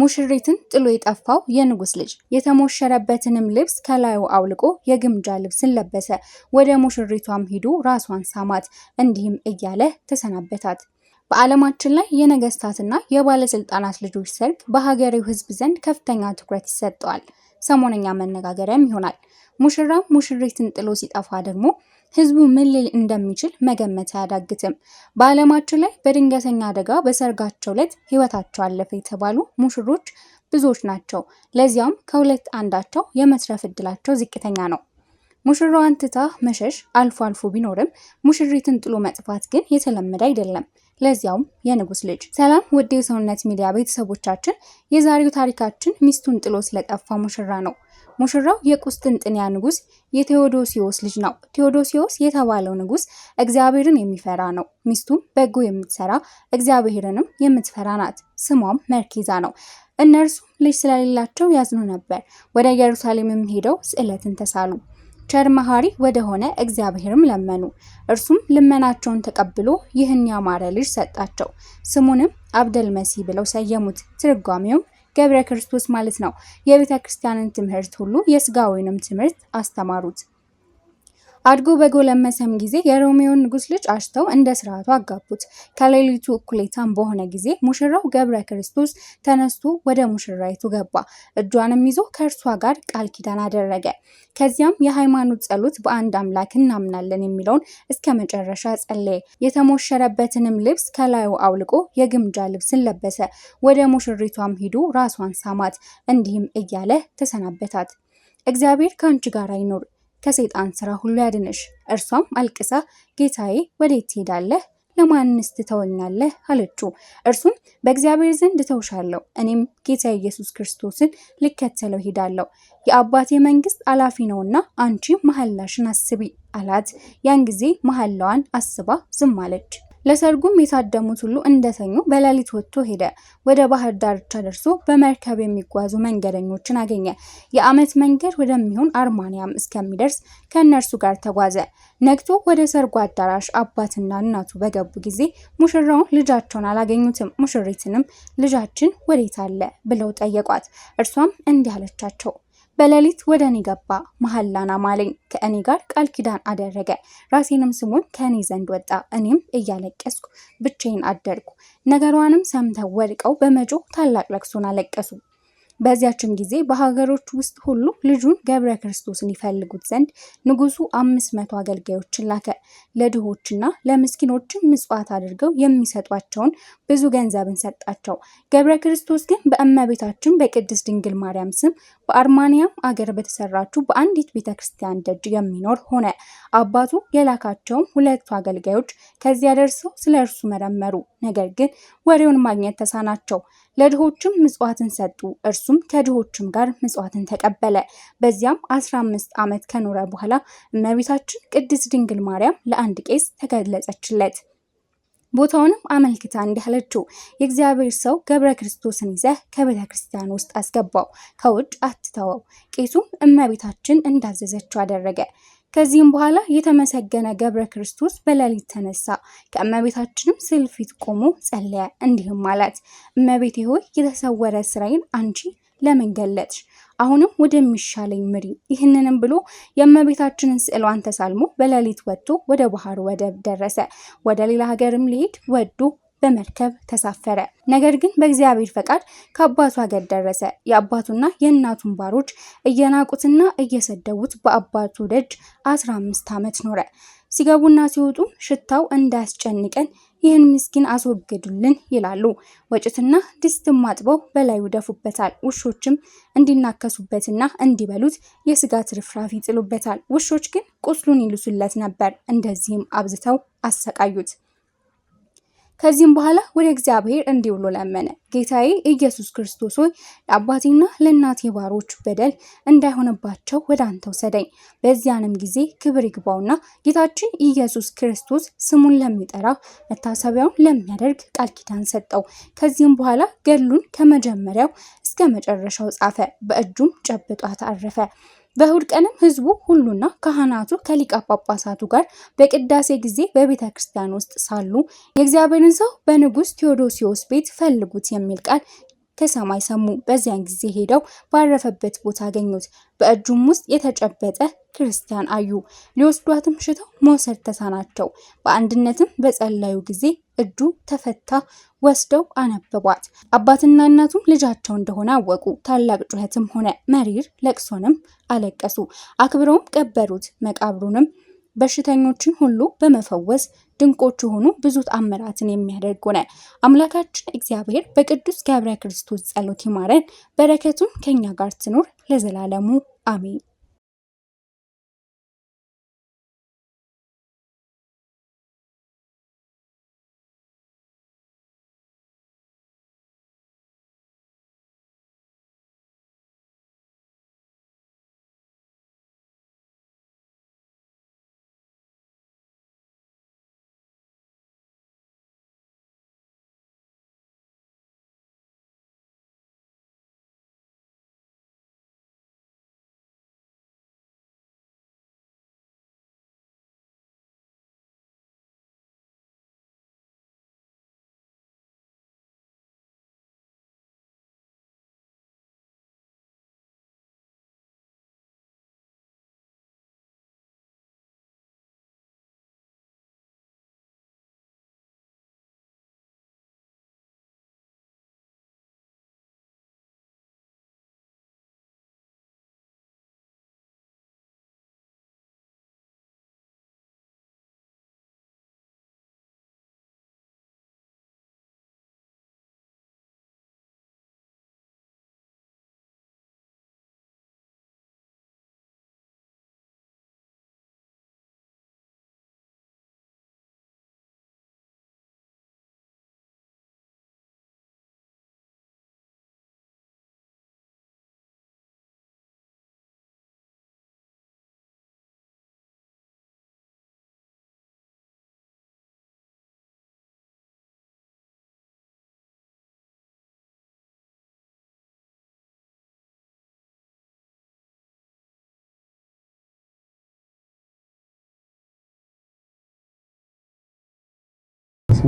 ሙሽሪትን ጥሎ የጠፋው የንጉስ ልጅ የተሞሸረበትንም ልብስ ከላዩ አውልቆ የግምጃ ልብስን ለበሰ። ወደ ሙሽሪቷም ሂዶ ራሷን ሳማት፣ እንዲህም እያለ ተሰናበታት። በዓለማችን ላይ የነገስታትና የባለስልጣናት ልጆች ሰርግ በሀገሬው ህዝብ ዘንድ ከፍተኛ ትኩረት ይሰጠዋል። ሰሞነኛ መነጋገሪያም ይሆናል። ሙሽራም ሙሽሪትን ጥሎ ሲጠፋ ደግሞ ህዝቡ ምን ሊል እንደሚችል መገመት አያዳግትም። በዓለማችን ላይ በድንገተኛ አደጋ በሰርጋቸው ዕለት ህይወታቸው አለፈ የተባሉ ሙሽሮች ብዙዎች ናቸው። ለዚያም ከሁለት አንዳቸው የመትረፍ እድላቸው ዝቅተኛ ነው። ሙሽራዋን ትታ መሸሽ አልፎ አልፎ ቢኖርም ሙሽሪትን ጥሎ መጥፋት ግን የተለመደ አይደለም። ለዚያውም የንጉስ ልጅ። ሰላም ውድ የሰውነት ሚዲያ ቤተሰቦቻችን፣ የዛሬው ታሪካችን ሚስቱን ጥሎ ስለጠፋ ሙሽራ ነው። ሙሽራው የቁስጥንጥንያ ንጉስ የቴዎዶሲዎስ ልጅ ነው። ቴዎዶሲዎስ የተባለው ንጉስ እግዚአብሔርን የሚፈራ ነው። ሚስቱም በጎ የምትሰራ እግዚአብሔርንም የምትፈራ ናት። ስሟም መርኬዛ ነው። እነርሱ ልጅ ስለሌላቸው ያዝኑ ነበር። ወደ ኢየሩሳሌምም ሄደው ስዕለትን ተሳሉ። ቸር መሐሪ ወደሆነ እግዚአብሔርም ለመኑ። እርሱም ልመናቸውን ተቀብሎ ይህን ያማረ ልጅ ሰጣቸው። ስሙንም አብደል መሲህ ብለው ሰየሙት። ትርጓሜውም ገብረ ክርስቶስ ማለት ነው። የቤተ ክርስቲያንን ትምህርት ሁሉ የስጋዊንም ትምህርት አስተማሩት። አድጎ በጎለመሰም ጊዜ የሮሜዮን ንጉስ ልጅ አሽተው እንደ ስርዓቱ አጋቡት። ከሌሊቱ እኩሌታም በሆነ ጊዜ ሙሽራው ገብረ ክርስቶስ ተነስቶ ወደ ሙሽራይቱ ገባ። እጇንም ይዞ ከእርሷ ጋር ቃል ኪዳን አደረገ። ከዚያም የሃይማኖት ጸሎት በአንድ አምላክ እናምናለን የሚለውን እስከ መጨረሻ ጸለየ። የተሞሸረበትንም ልብስ ከላዩ አውልቆ የግምጃ ልብስን ለበሰ። ወደ ሙሽሪቷም ሂዶ ራሷን ሳማት። እንዲህም እያለ ተሰናበታት። እግዚአብሔር ከአንቺ ጋር አይኖር ከሰይጣን ስራ ሁሉ ያድንሽ። እርሷም አልቅሳ ጌታዬ ወዴት ትሄዳለህ? ለማንስ ትተወኛለህ? አለችው። እርሱም በእግዚአብሔር ዘንድ እተውሻለሁ፣ እኔም ጌታ ኢየሱስ ክርስቶስን ልከተለው ሄዳለሁ። የአባቴ መንግስት አላፊ ነውና አንቺ መሐላሽን አስቢ አላት። ያን ጊዜ መሐላዋን አስባ ዝም አለች። ለሰርጉም የታደሙት ሁሉ እንደተኙ በሌሊት ወጥቶ ሄደ። ወደ ባህር ዳርቻ ደርሶ በመርከብ የሚጓዙ መንገደኞችን አገኘ። የዓመት መንገድ ወደሚሆን አርማንያም እስከሚደርስ ከእነርሱ ጋር ተጓዘ። ነግቶ ወደ ሰርጉ አዳራሽ አባትና እናቱ በገቡ ጊዜ ሙሽራውን ልጃቸውን አላገኙትም። ሙሽሪትንም ልጃችን ወዴት አለ ብለው ጠየቋት። እርሷም እንዲህ አለቻቸው በሌሊት ወደ እኔ ገባ፣ መሐላን አማለኝ፣ ከእኔ ጋር ቃል ኪዳን አደረገ። ራሴንም ስሙን ከእኔ ዘንድ ወጣ። እኔም እያለቀስኩ ብቻዬን አደርኩ። ነገሯንም ሰምተው ወድቀው በመጮህ ታላቅ ለቅሶን አለቀሱ። በዚያችም ጊዜ በሀገሮች ውስጥ ሁሉ ልጁን ገብረ ክርስቶስን ይፈልጉት ዘንድ ንጉሱ አምስት መቶ አገልጋዮችን ላከ። ለድሆችና ለምስኪኖችን ምጽዋት አድርገው የሚሰጧቸውን ብዙ ገንዘብን ሰጣቸው። ገብረ ክርስቶስ ግን በእመቤታችን በቅድስት ድንግል ማርያም ስም በአርማንያም አገር በተሰራችው በአንዲት ቤተ ክርስቲያን ደጅ የሚኖር ሆነ። አባቱ የላካቸውም ሁለቱ አገልጋዮች ከዚያ ደርሰው ስለ እርሱ መረመሩ። ነገር ግን ወሬውን ማግኘት ተሳናቸው። ለድሆችም ምጽዋትን ሰጡ። እርሱም ከድሆችም ጋር ምጽዋትን ተቀበለ። በዚያም 15 ዓመት ከኖረ በኋላ እመቤታችን ቅድስት ድንግል ማርያም ለአንድ ቄስ ተገለጸችለት። ቦታውንም አመልክታ እንዲህ አለችው፣ የእግዚአብሔር ሰው ገብረ ክርስቶስን ይዘህ ከቤተ ክርስቲያን ውስጥ አስገባው፣ ከውጭ አትተወው። ቄሱም እመቤታችን እንዳዘዘችው አደረገ። ከዚህም በኋላ የተመሰገነ ገብረ ክርስቶስ በሌሊት ተነሳ፣ ከእመቤታችንም ስዕል ፊት ቆሞ ጸለየ። እንዲህም አላት፣ እመቤቴ ሆይ የተሰወረ ስራዬን አንቺ ለምን ገለጥሽ? አሁንም ወደሚሻለኝ ምሪ። ይህንንም ብሎ የእመቤታችንን ስዕሏን ተሳልሞ በሌሊት ወጥቶ ወደ ባህር ወደብ ደረሰ። ወደ ሌላ ሀገርም ሊሄድ ወዶ በመርከብ ተሳፈረ። ነገር ግን በእግዚአብሔር ፈቃድ ከአባቱ ሀገር ደረሰ። የአባቱና የእናቱን ባሮች እየናቁትና እየሰደቡት በአባቱ ደጅ 15 ዓመት ኖረ። ሲገቡና ሲወጡ ሽታው እንዳያስጨንቀን ይህን ምስኪን አስወግዱልን ይላሉ። ወጭትና ድስትም አጥበው በላዩ ደፉበታል። ውሾችም እንዲናከሱበትና እንዲበሉት የስጋ ትርፍራፊ ይጥሉበታል። ውሾች ግን ቁስሉን ይልሱለት ነበር። እንደዚህም አብዝተው አሰቃዩት። ከዚህም በኋላ ወደ እግዚአብሔር እንዲህ ብሎ ለመነ። ጌታዬ ኢየሱስ ክርስቶስ ሆይ ለአባቴና ለእናቴ ባሮች በደል እንዳይሆንባቸው ወደ አንተ ውሰደኝ። በዚያንም ጊዜ ክብር ይግባውና ጌታችን ኢየሱስ ክርስቶስ ስሙን ለሚጠራ መታሰቢያውን ለሚያደርግ ቃል ኪዳን ሰጠው። ከዚህም በኋላ ገድሉን ከመጀመሪያው እስከ መጨረሻው ጻፈ፣ በእጁም ጨብጧት አረፈ። በእሁድ ቀንም ህዝቡ ሁሉና ካህናቱ ከሊቃ ጳጳሳቱ ጋር በቅዳሴ ጊዜ በቤተ ክርስቲያን ውስጥ ሳሉ የእግዚአብሔርን ሰው በንጉሥ ቴዎዶሲዎስ ቤት ፈልጉት የሚል ቃል ከሰማይ ሰሙ። በዚያን ጊዜ ሄደው ባረፈበት ቦታ አገኙት። በእጁም ውስጥ የተጨበጠ ክርስቲያን አዩ። ሊወስዷትም ሽተው መውሰድ ተሳናቸው። በአንድነትም በጸለዩ ጊዜ እጁ ተፈታ። ወስደው አነበቧት። አባትና እናቱም ልጃቸው እንደሆነ አወቁ። ታላቅ ጩኸትም ሆነ፣ መሪር ለቅሶንም አለቀሱ። አክብረውም ቀበሩት። መቃብሩንም በሽተኞችን ሁሉ በመፈወስ ድንቆች የሆኑ ብዙ ተአምራትን የሚያደርጉ ነ አምላካችን እግዚአብሔር በቅዱስ ገብረ ክርስቶስ ጸሎት ይማረን፣ በረከቱን ከኛ ጋር ትኑር ለዘላለሙ አሜን።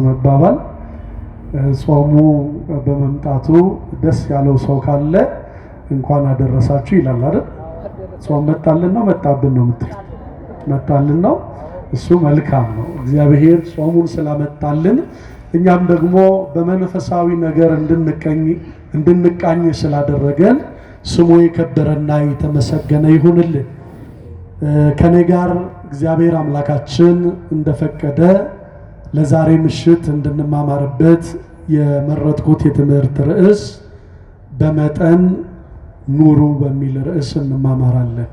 መባባል ጾሙ በመምጣቱ ደስ ያለው ሰው ካለ እንኳን አደረሳችሁ ይላል አይደል? ጾም መጣልን ነው መጣብን ነው ምትል መጣልን ነው። እሱ መልካም ነው። እግዚአብሔር ጾሙን ስላመጣልን እኛም ደግሞ በመንፈሳዊ ነገር እንድንቃኝ ስላደረገን ስሙ የከበረና የተመሰገነ ይሁንልን። ከኔ ጋር እግዚአብሔር አምላካችን እንደፈቀደ ለዛሬ ምሽት እንድንማማርበት የመረጥኩት የትምህርት ርዕስ በመጠን ኑሩ በሚል ርዕስ እንማማራለን።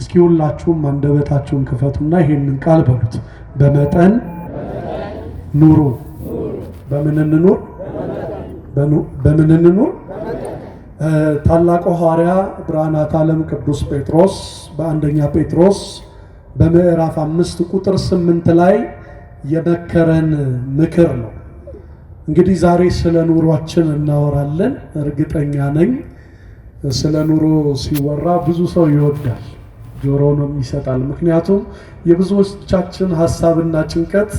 እስኪ ሁላችሁም አንደበታችሁን ክፈቱና ይሄንን ቃል በሉት። በመጠን ኑሩ። በምን እንኑር? በምን እንኑር? ታላቁ ሐዋርያ ብርሃናት ዓለም ቅዱስ ጴጥሮስ በአንደኛ ጴጥሮስ በምዕራፍ አምስት ቁጥር ስምንት ላይ የመከረን ምክር ነው። እንግዲህ ዛሬ ስለ ኑሯችን እናወራለን። እርግጠኛ ነኝ ስለ ኑሮ ሲወራ ብዙ ሰው ይወዳል፣ ጆሮንም ይሰጣል። ምክንያቱም የብዙዎቻችን ሀሳብና ጭንቀት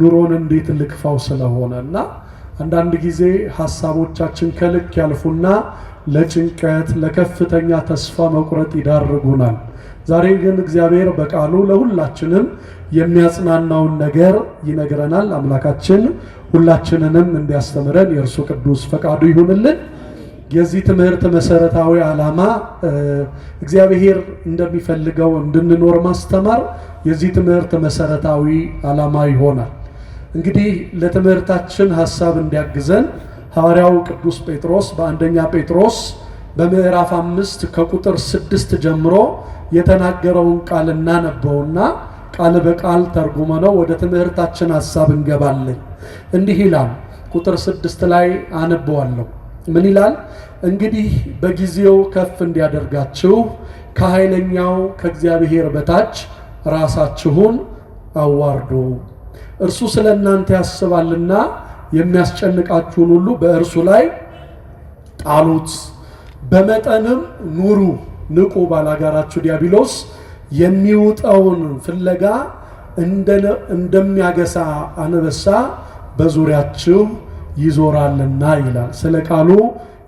ኑሮን እንዴት ልክፋው ስለሆነ እና አንዳንድ ጊዜ ሀሳቦቻችን ከልክ ያልፉና ለጭንቀት ለከፍተኛ ተስፋ መቁረጥ ይዳርጉናል። ዛሬ ግን እግዚአብሔር በቃሉ ለሁላችንም የሚያጽናናውን ነገር ይነግረናል። አምላካችን ሁላችንንም እንዲያስተምረን የእርሱ ቅዱስ ፈቃዱ ይሁንልን። የዚህ ትምህርት መሰረታዊ ዓላማ እግዚአብሔር እንደሚፈልገው እንድንኖር ማስተማር የዚህ ትምህርት መሰረታዊ ዓላማ ይሆናል። እንግዲህ ለትምህርታችን ሀሳብ እንዲያግዘን ሐዋርያው ቅዱስ ጴጥሮስ በአንደኛ ጴጥሮስ በምዕራፍ አምስት ከቁጥር ስድስት ጀምሮ የተናገረውን ቃል እናነበውና ቃል በቃል ተርጉመ ነው ወደ ትምህርታችን ሀሳብ እንገባለን። እንዲህ ይላል፣ ቁጥር ስድስት ላይ አነበዋለሁ። ምን ይላል? እንግዲህ በጊዜው ከፍ እንዲያደርጋችሁ ከኃይለኛው ከእግዚአብሔር በታች ራሳችሁን አዋርዱ፣ እርሱ ስለ እናንተ ያስባልና የሚያስጨንቃችሁን ሁሉ በእርሱ ላይ ጣሉት፣ በመጠንም ኑሩ ንቁ ባላጋራችሁ ዲያብሎስ የሚውጠውን ፍለጋ እንደሚያገሳ አንበሳ በዙሪያችሁ ይዞራልና ይላል። ስለ ቃሉ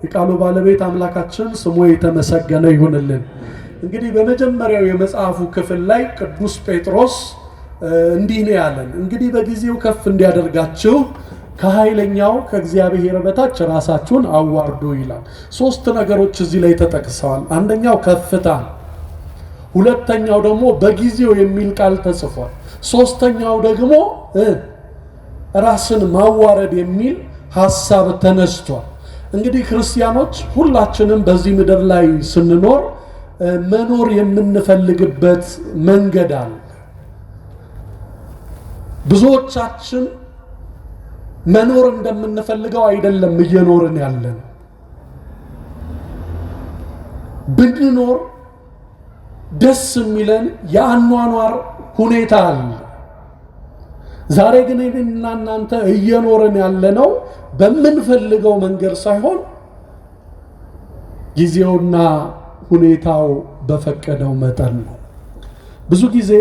የቃሉ ባለቤት አምላካችን ስሙ የተመሰገነ ይሁንልን። እንግዲህ በመጀመሪያው የመጽሐፉ ክፍል ላይ ቅዱስ ጴጥሮስ እንዲህ ነው ያለን፣ እንግዲህ በጊዜው ከፍ እንዲያደርጋችሁ ከኃይለኛው ከእግዚአብሔር በታች ራሳችሁን አዋርዱ ይላል። ሶስት ነገሮች እዚህ ላይ ተጠቅሰዋል። አንደኛው ከፍታ፣ ሁለተኛው ደግሞ በጊዜው የሚል ቃል ተጽፏል። ሶስተኛው ደግሞ ራስን ማዋረድ የሚል ሀሳብ ተነስቷል። እንግዲህ ክርስቲያኖች ሁላችንም በዚህ ምድር ላይ ስንኖር መኖር የምንፈልግበት መንገድ አለ። ብዙዎቻችን መኖር እንደምንፈልገው አይደለም እየኖርን ያለን። ብንኖር ደስ የሚለን የአኗኗር ሁኔታ አለ። ዛሬ ግን እኔና እናንተ እየኖርን ያለነው በምንፈልገው መንገድ ሳይሆን ጊዜውና ሁኔታው በፈቀደው መጠን ነው ብዙ ጊዜ